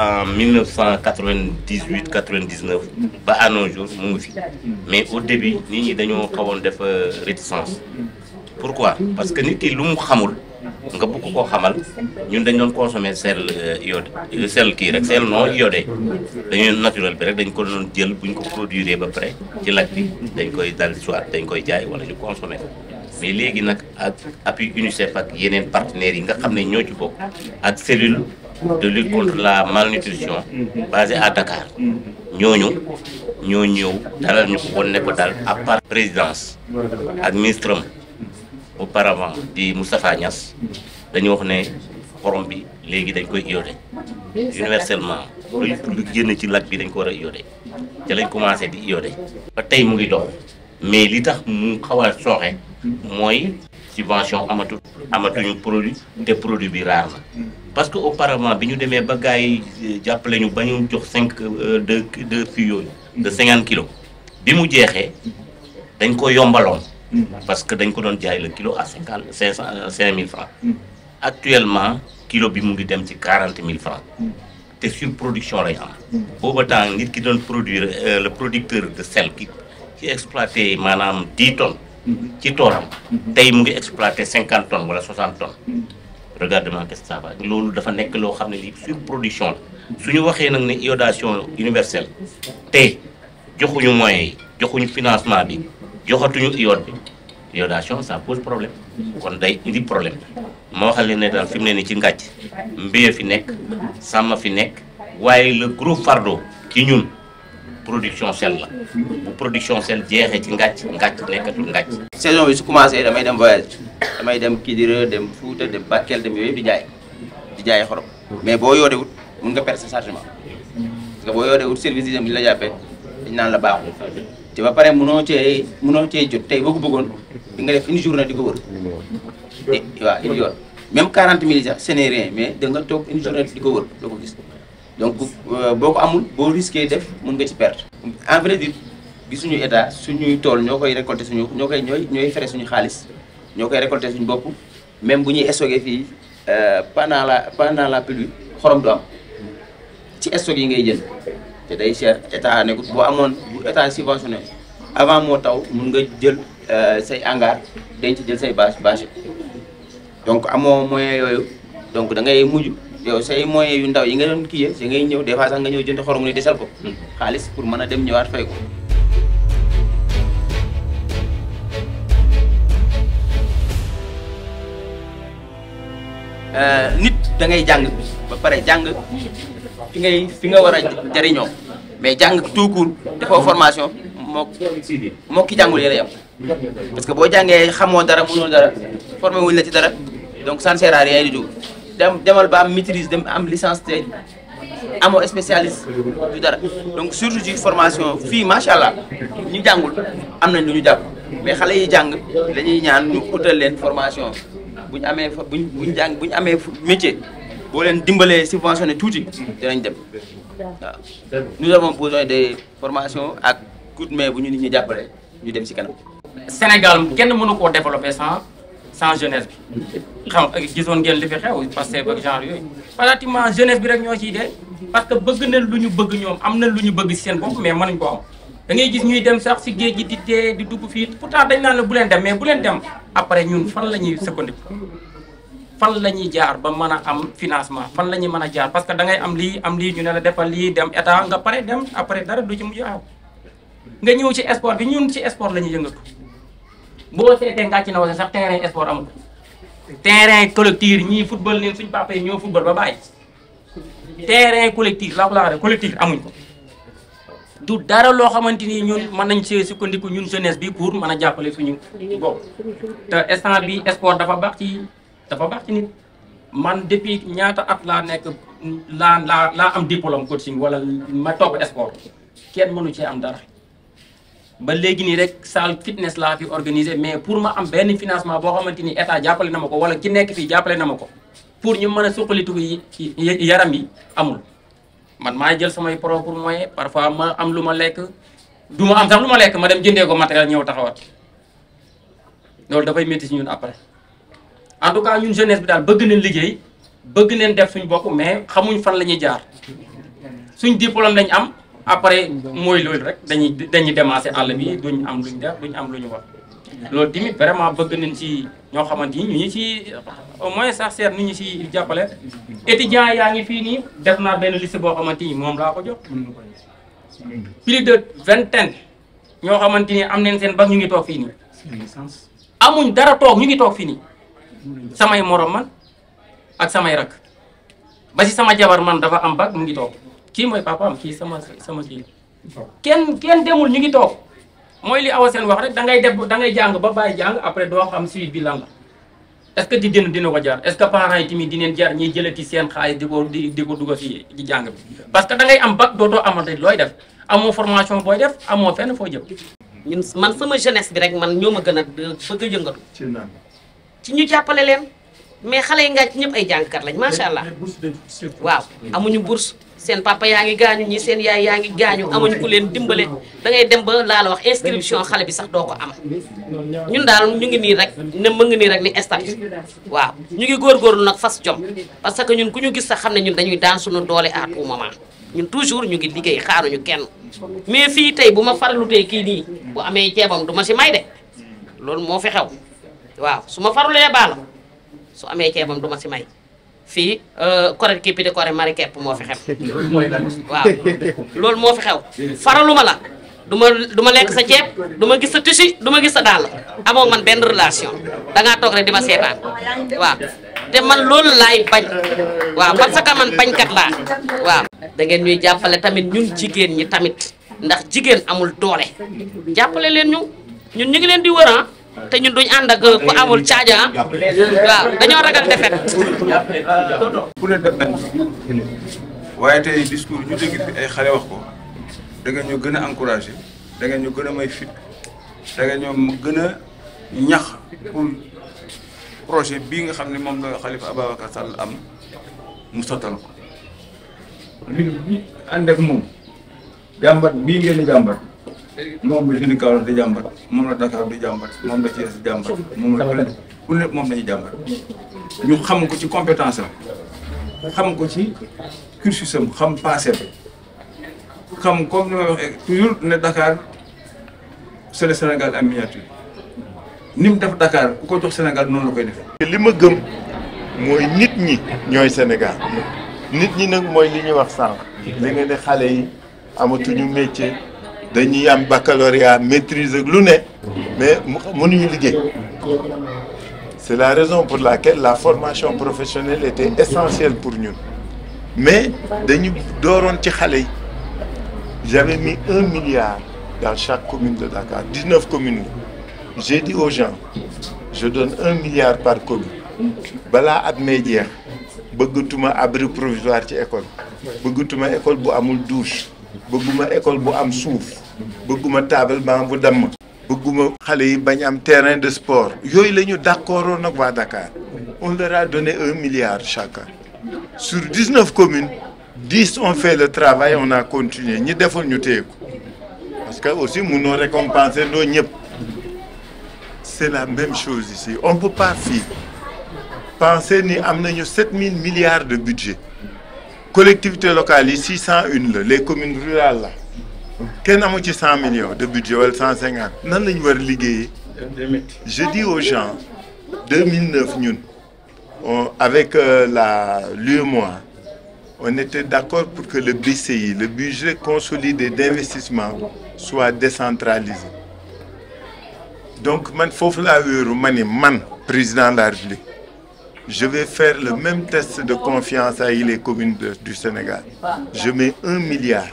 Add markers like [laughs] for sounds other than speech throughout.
en 1998 99 ba à nos jours mu ngi fi mais au début nit ñi dañoo xawoon def pour euh, pourquoi parce que nit ki lu mu xamul nga bëgg koo xamal ñun dañ doon consommer sel euh, iodé euh, sel kii rek sel non iodé dañuy naturel bi rek dañ ko doon jël buñ ko produire ba pare ci lak bi dañ koy dal soit dañ koy jaay wala ñu consommer ko mais léegi nag ak appui UNICEF ak yeneen partenaires yi nga xam ne ñoo ci bokk ak cellule de lutte contre la malnutrition basée à Dakar ñooñu ñoo ñëw dalal ñu ko woon daal à présidence ak ministre am auparavant di Moustapha Niass dañu wax ne xorom bi léegi dañ koy iodé universellement luy lu génn ci laaj bi dañ ko war a iodé ca lañ commencé di iodé ba tey mu ngi dox mais li tax mu xaw a mooy subvention amatu amatuñu produit te produit bi raar na parce que auparavant bi ñu demee ba gars yi euh, jàppale ñu ba ñu jox cinq euh, deux deux fii de cinquante kilos bi mu jeexee dañ ko yombaloon parce que dañ ko doon jaay la kilo à cinquante cinq cent euh, cinq mille francs actuellement kilo bi mu ngi dem ci quarante mille francs te surproduction lay am booba temps nit ki doon produire le producteur de sel ki ci exploité maanaam 10 ton ci toolam tey mu ngi exploité cinquante tonnes wala 60 tonnes regardement qu'est-ce que ça va loolu dafa nekk loo xam ne ni surproduction la su ñu waxee nag ne iodation universelle tey joxuñu moyens yi joxuñu financement bi joxatuñu iode bi iodation ça problème kon day indi problème ma waxal leen ne daal fi ne ni ci ngàcc mbéy fi nekk sàmm fi nekk waaye le gros fardeau ci ñun production sel la bu production sel jeexee ci ngàcc ngàcc nekkatul ngàcc. saison bi su commencé damay dem voyage damay dem Kidira dem Fuuta dem Bakel dem yooyu di jaay di jaay mais boo yoodewut mun nga perdre sa chargement parce que boo yoodewut service yi dem ñu la jàppee dañ naan la baaxul te ba pare mënoo cee mënoo cee jot tey boo ko bëggoon di nga def une journée di ko wër waaw une yoon même 40 mille mais da nga toog une di ko wër doo gis donc euh, boo ko amul boo risqué def mun nga ci perte. en vrai dire bi suñu état suñuy tool ñoo koy récolté suñu ñoo koy ñooy ñooy fere suñu xaalis ñoo koy récolté suñu bopp même bu ñuy stocké fii euh, pendant la pendant la pluie xorom du am ci stock yi ngay jël te day cher état ne boo amoon bu état subventionné avant moo taw mun nga jël euh, say dañ ci jël say bâche bâche donc amoo moyen yooyu donc da ngay mujj. yow say moyens yu ndaw yi nga doon kii si ngay ñëw des fois sax nga ñëw jënd xorom ni desal ko xaalis pour mën a dem ñëwaat fay ko euh, nit da ngay jàng ba pare jàng fi ngay fi nga war a jariñoo mais jàng tout court defoo formation moo moo ki jàngul yéen parce que boo jàngee xamoo dara mënoo dara formé wuñ la dara donc ça ne sert di jóg dem demal ba am maîtrise dem am licence te amoo spécialiste du dara donc surtout ci formation fii macha allah ñu jàngul am nañ lu ñu jàpp mais xale yi jàng lañuy ñaan ñu utal leen formation bu ñu amee fa bu ñu bu jàng bu ñu amee métier boo leen dimbalee ne tuuti dinañ dem waaw. nous avons besoin de formation ak coup de bu ñu nit ñi jàppale ñu dem si kanam. Sénégal kenn mënu koo développé sans. sans jeunesse bi xam gisoon ngeen li fi xew parce que ba genre yooyu pratiquement bi rek ñoo ciy dee parce que bëgg na lu ñu bëgg ñoom am na lu ñu bëgg si seen bopp mais mënuñ ko am da ngay gis ñuy dem sax si géej gi di dee di dugg fii pourtant dañ naa la bu leen dem mais bu leen dem après ñun fan la ñuy seconde fan la ñuy jaar ba mën a am financement fan la ñuy mën a jaar parce que da ngay am lii am lii ñu ne la defal lii dem état nga pare dem après dara du ci mujj aaw nga ñëw ci sport bi ñun ci sport la ñuy yëngatu boo seetee ngàcc na wasa sax terrain sport amul terrain collectif ñii football neen suñ papa yi ñoo football ba bàyyi terrain collectif la ko laa rek collectif amuñ ko du dara loo xamante ni ñun mën nañ see sukkandiku ñun jeunesse bi pour mën a jàppale suñu bopp te instant bi sport dafa baax ci dafa baax ci nit man depuis ñaata at laa nekk laa laa laa am diplôme coaching wala ma topp sport kenn mënu cee am dara ba léegi nii rek salle fitness laa fi organisé mais pour ma am benn financement boo xamante ni état jàppale na ma ko wala ki nekk fii jàppale na ma ko pour ñu mën a suqalitu yaram yi amul man maa jël samay propre moyen parfois ma am lu ma lekk du ma am sax lu ma lekk ma dem jëndee ko matériel ñëw taxawaat loolu dafay métti si ñun après en tout cas ñun jeunesse bi daal bëgg nañ liggéey bëgg neen def suñ bopp mais xamuñ fan la ñuy jaar suñ diplôme am après mooy loolu rek dañuy dañuy démasser àll bi duñ am luñ def duñ am lu ñu wax loolu tamit vraiment bëgg nañ ci ñoo xamante ni ñu ngi ci au moins sax seet ni ñu ci jàppale étudiants yaa ngi fii nii def naa benn liste boo xamante moom laa ko jox plus de vingtaine ñoo xamante ni am nañ seen bac ñu ngi toog fii nii amuñ dara toog ñu ngi toog fii nii samay morom man ak samay rak ba ci sama jabar man dafa am bac mu ngi toog kii mooy papaam kii sama sama kii kenn kenn demul ñu ngi toog mooy li awa seen wax rek da ngay def da ngay jàng ba bàyyi jàng après doo xam si bi la est-ce que di dina dina ko jar est-ce que parents yi tamit dineen jar ñuy jëlati seen xaalis di ko di di ko dugal ci jàng bi parce que da am bac dootoo amati looy def amoo formation booy def amoo fenn foo jëm. ñun man sama jeunesse bi rek man ñoo ma gën a bëgg a ci ñu jàppale leen mais xale yi nga ci ñëpp ay jàngkat lañ macha allah. waaw amuñu bourse seen papa yaa ngi gaañu ñi seen yaay yaa ngi gaañu amuñ ku leen dimbale dangay dem ba laa la wax inscription xale bi sax doo ko am ñun daal ñu ngi nii rek ne mën nga nii rek ni statut waaw ñu ngi góorgóorlu nag fas jom parce que ñun ku ñu gis sax xam ne ñun dañuy daan suñu doole à tout moment ñun toujours ñu ngi liggéey xaaruñu kenn mais fii tey bu ma faralutee kii nii bu amee ceebam du ma si may de loolu moo fi xew waaw su ma farulee baala su amee ceebam du si may fii koré euh, kii pidi koré mari kepp moo fi xew [laughs] waaw loolu moo fi xew faraluma la du ma ma lekk sa ceeb du ma gis sa tissu du ma gis sa dàll amoo man benn relation dangaa toog rek di ma seetaan waaw te man loolu laay bañ waaw parce que man bañkat laa waaw da ngeen ñuy jàppale tamit ñun jigéen ñi tamit ndax jigéen amul doole jàppale leen ñu ñun ñu ngi leen di wër ah. te ñu duñ ànd ak ku amul caaja ah waaw dañoo ragal defet ku waaye tey discours ñu dégg fi ay xale wax ko da nga ñu gën a encouragé da nga ñu gën a may fit da nga ñoo gën a ñax pour projet bii nga xam ne moom la Khalifa Ababacar Sall am mu sottal ko. ñun bii ngeen di moom la suñu kaw di jàmbat moom la Dakar di jàmbat moom la Thiès di jàmbat moom la ku lépp jàmbat ñu xam ko ci compétence am xam ko ci cursus am xam passé xam comme ni ne Dakar c'est le Sénégal en ni mu def dakaar ku ko jox Sénégal noonu la koy defee. li ma gëm mooy nit ñi ñooy Sénégal nit ñi nag mooy li ñuy wax sànq li ne xale yi amatuñu métier. dañuy am baccalauréat maîtrise ak lu ne mais mënuñu liggéey c'est la raison pour la laquelle la formation professionnelle était essentielle pour ñun mais dañu dooroon ci xale yi j'avais mis un milliard dans chaque commune de Dakar dix-neuf communes yi j'ai dit aux gens je donne un milliard par commune balaa at may jeex bëggatuma abri provisoire ci école bëggatuma école bu amul douche bëgguma école bu am suuf bëgguma table ban bu damm bëgguma xale yi bañ am terrain de sport yooyu la ñu d'accordoon ak waa Dakar on leur a donné un milliard chacun sur dix-neuf communes dix ont fait le travail on a continué ñi defoon ñu téye parce que aussi mënoo récompenser doo ñëpp c'est la même chose ici on peut pas fii penser ni am nañu sept mille milliards de budget collectivités locales yi six cent une la les communes rurales la kenn amu ci cent millions de budget wala cent cinquante nan lañu war a liggéeyee je dis aux gens 2009 ñun avec euh, la l'UEMOA on était d'accord pour que le BCI le budget consolidé d'investissement soit décentralisé donc man foofu laa wéeru ma ni man président de la République je vais faire le même test de confiance avec les communes du Sénégal je mets un milliard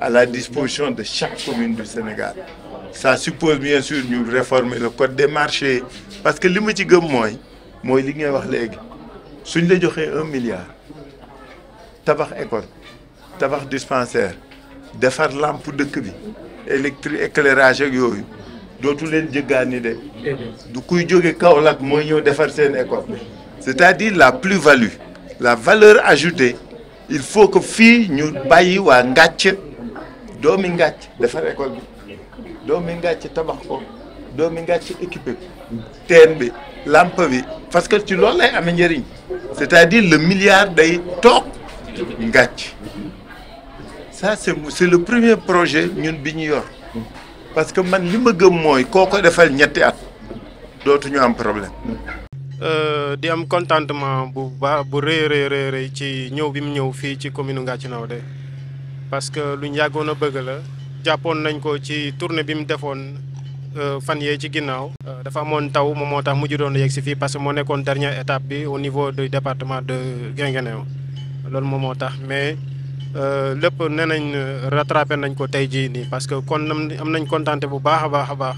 à la disposition de chaque commune du Sénégal ça suppose bien sûr ñu réformer la code des marché parce que li ma ci gëm mooy mooy li ngay wax léegi suñ la joxee un milliard tabax école tabax dispensaire defar lampe dëkk bi électrique éclairage ak yooyu dootu leen jëggaani de du kuy jóge Kaolack mooy ñëw defar seen école c'est-à-dire la plus-value la valeur ajoutée il faut que fii ñu bàyyi waa ngàcc doomi ngàcc defar école bi doomi ngàcc tabax ko doomi ngàcc équipé ko teen bi lampe bi parce que ci loolu lay amee njëriñ c'est-à-dire le milliard day toog ngàcc ça c'est le premier projet ñun bi ñu yor parce que man li ma gëm mooy koo ko defal ñetti at dootuñu am problème euh, di am contentement bu baax bu rëy rëy rëy ci ñëw bi mu ñëw fii ci commune Ngathie Naoudé parce que luñ yàggoon a bëgg la jàppoon nañ ko ci tournée bi mu defoon euh, fan yee ci ginnaaw. Euh, dafa amoon taw moom moo tax mujj doon yegg si fii parce que moo nekkoon dernière étape bi au niveau du département de Guinguinéo loolu moom moo tax mais euh, lépp nee nañ rattrapé nañ ko tey jii nii parce que kon am nañ kontante bu baax a baax a baax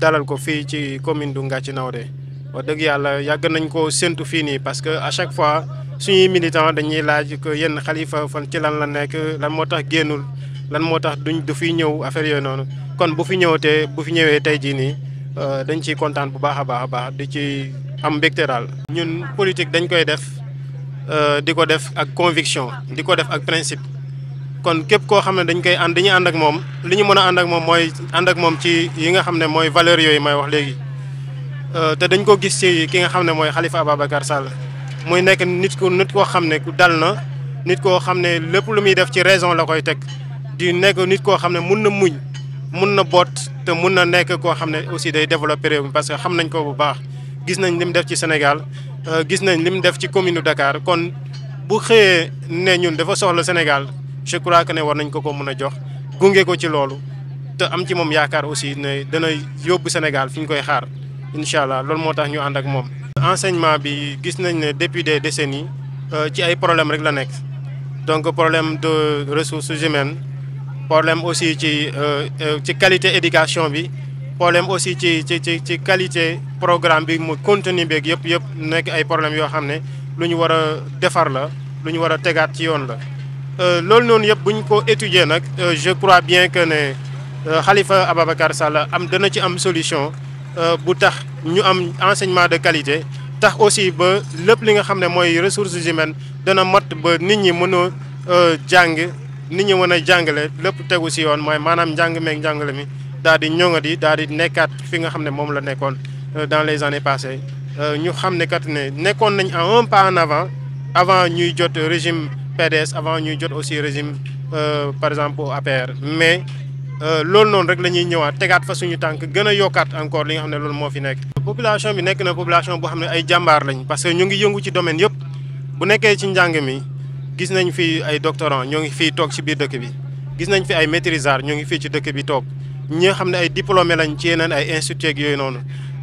dalal ko fii ci commune du Ngathie Naoudé wax dëgg yàlla yàgg nañ ko séntu fii nii parce que à chaque fois. suñuy militant dañuy laaj ko yenn xalifa fan ci lan la nekk lan moo tax génnul lan moo tax duñ du fi ñëw affaire yooyu noonu kon bu fi ñëwatee bu fi ñëwee tey jii nii euh, dañ ciy kontaan bu baax a baax a baax di ci am mbégte daal. ñun politique dañ koy def euh, di ko def ak conviction di ko def ak principe kon képp koo xam ne dañ koy ànd ñu ànd ak moom li ñu mën a ànd ak moom mooy ànd ak moom ci yi nga xam ne mooy valeurs yooyu may wax léegi euh, te dañ ko gis ci ki nga xam ne mooy Khalifa Ababacar Sall. muy nekk nit ku nit koo xam ne ku dal na nit koo xam ne lépp lu muy def ci raison la koy teg di nekk nit koo xam ne mun na muñ mun na boot te mun na nekk koo xam ne aussi day développer réew parce que xam nañ ko bu baax gis nañ li mu def ci Sénégal euh, gis nañ li mu def ci commune Dakar kon bu xëyee ne ñun dafa soxla Sénégal je crois que ne war nañ ko ko mun a jox gunge ko ci loolu te am ci moom yaakaar aussi ne dana yóbbu Sénégal fi ñu koy xaar incha allah loolu moo tax ñu ànd ak moom. enseignement bi gis nañ ne depuis des décennies euh, ci ay problème rek la nekk donc problème de ressources humaines problème aussi ci euh, euh, ci qualité éducation bi problème aussi ci ci ci ci qualité programme bi mu contenu beeg yëpp yëpp nekk ay problème yoo xam ne lu ñu war a defar la lu ñu war a tegaat ci yoon la loolu noonu yëpp bu ñu ko étudier nag je crois bien que ne Khalifa Ababacar Sall am dana ci am solution Euh, bu tax ñu am enseignement de qualité tax aussi ba lépp li nga xam ne mooy ressources humaines dana mat ba nit ñi mën a euh, jàng nit ñi mën a jàngale lépp tegu si yoon mooy maanaam njàng meeg njàngale mi daal di ñoŋati daal di nekkaat fi nga xam ne moom la nekkoon euh, dans les années passées ñu xam ne kat ne nekkoon nañ en un pas en avant ñuy jot régime PDS avant ñuy jot aussi régime par exemple APR mais Euh, loolu noonu rek la ñuy ñëwaat tegaat fa suñu tànk gën a yokkaat encore li nga xam ne loolu moo fi nekk. population bi nekk na population boo xam ne ay jàmbaar lañ parce que ñu ngi yëngu ci domaine yëpp bu nekkee ci njàng mi gis nañ fi ay doctorants ñoo ngi fii toog ci biir dëkk bi gis nañ fi ay maîtrisards ñoo ngi fii ci dëkk bi toog ñi nga xam ne ay diplômé lañ ci yeneen ay institut ak yooyu noonu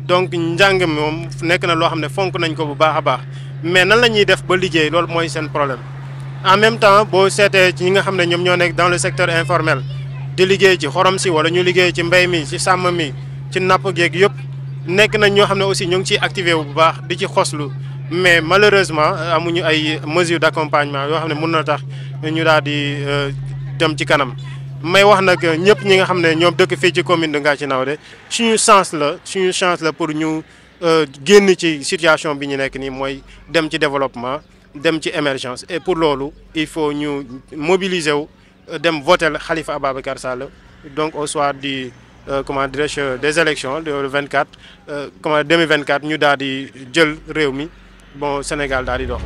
donc njàng mi moom nekk na loo xam ne fonk nañ ko bu baax a baax mais nan la def ba liggéey loolu mooy problème en même temps boo seetee ci ñi nga xam ne ñoom ñoo nekk dans le secteur informel. di liggéey ci xorom si wala ñu liggéey ci mbéy mi ci sàmm mi ci napp geeg yëpp nekk nañ ñoo xam ne aussi ñu ngi ciy activé wu bu baax di ci xoslu mais malheureusement amuñu ay mesures d'accompagnement yoo xam ne mun na tax ñu daal di euh, dem ci kanam may wax nag ñëpp ñi nga xam ne ñoom dëkk fii ci commune de Ngathie Naoudé suñu chance la suñu chance la pour ñu euh, génn ci situation bi ñu nekk nii mooy dem ci développement dem ci émergence et pour loolu il faut ñu mobiliser wu dem votel Khalifa Ababacar Sall donc au soir di euh, comment dirais-je des élections le 24 euh, comment 2024 ñu daal di jël réew mi bon Sénégal daal di dox.